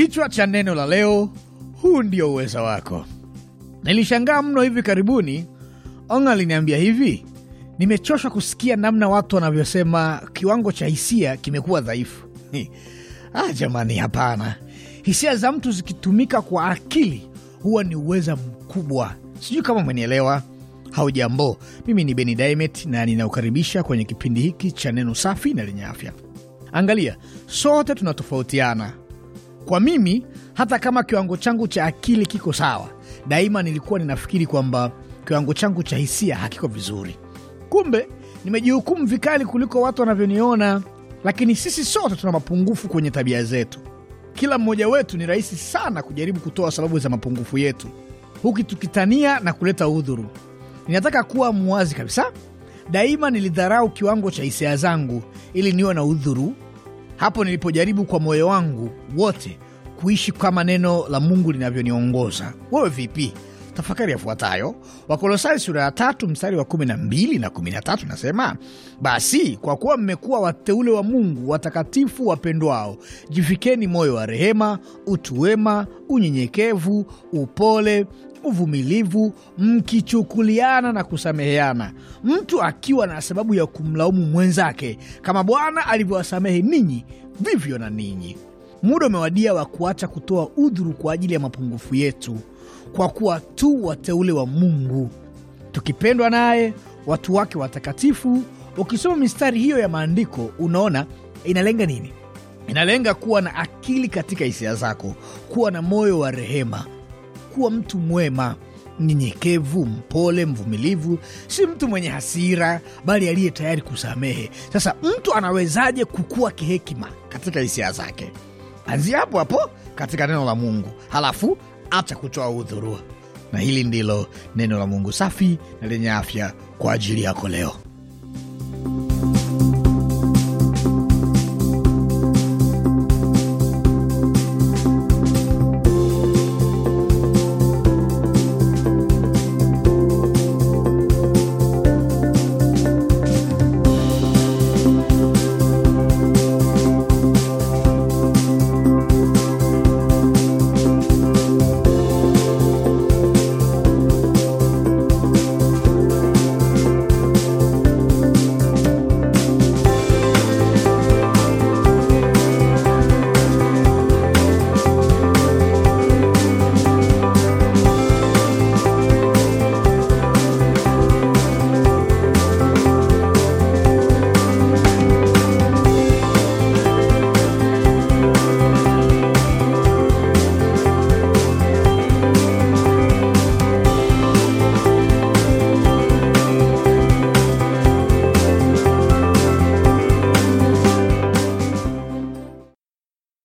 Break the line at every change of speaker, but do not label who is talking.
Kichwa cha neno la leo, huu ndio uweza wako. Nilishangaa mno hivi karibuni, Ong'a aliniambia hivi, nimechoshwa kusikia namna watu wanavyosema kiwango cha hisia kimekuwa dhaifu. Ah, jamani, hapana. Hisia za mtu zikitumika kwa akili huwa ni uweza mkubwa. Sijui kama mwenielewa. Haujambo, mimi ni Beni Dimet na ninakukaribisha kwenye kipindi hiki cha neno safi na lenye afya. Angalia, sote tunatofautiana kwa mimi, hata kama kiwango changu cha akili kiko sawa, daima nilikuwa ninafikiri kwamba kiwango changu cha hisia hakiko vizuri. Kumbe nimejihukumu vikali kuliko watu wanavyoniona. Lakini sisi sote tuna mapungufu kwenye tabia zetu. Kila mmoja wetu ni rahisi sana kujaribu kutoa sababu za mapungufu yetu, huku tukitania na kuleta udhuru. Ninataka kuwa muwazi kabisa. Daima nilidharau kiwango cha hisia zangu ili niwe na udhuru hapo nilipojaribu kwa moyo wangu wote kuishi kama neno la Mungu linavyoniongoza. Wewe vipi? Tafakari yafuatayo. Wakolosai sura ya tatu mstari wa kumi na mbili na kumi na tatu nasema, basi kwa kuwa mmekuwa wateule wa Mungu, watakatifu wapendwao, jifikeni moyo wa rehema, utu wema, unyenyekevu, upole, uvumilivu, mkichukuliana na kusameheana, mtu akiwa na sababu ya kumlaumu mwenzake, kama Bwana alivyowasamehe ninyi, vivyo na ninyi. Muda umewadia wa kuacha kutoa udhuru kwa ajili ya mapungufu yetu, kwa kuwa tu wateule wa Mungu, tukipendwa naye, watu wake watakatifu. Ukisoma mistari hiyo ya maandiko, unaona inalenga nini? Inalenga kuwa na akili katika hisia zako, kuwa na moyo wa rehema kuwa mtu mwema, mnyenyekevu, mpole, mvumilivu, si mtu mwenye hasira, bali aliye tayari kusamehe. Sasa mtu anawezaje kukua kihekima katika hisia zake? Anzia hapo hapo katika neno la Mungu, halafu acha kutoa udhurua. Na hili ndilo neno la Mungu safi na lenye afya kwa ajili yako leo.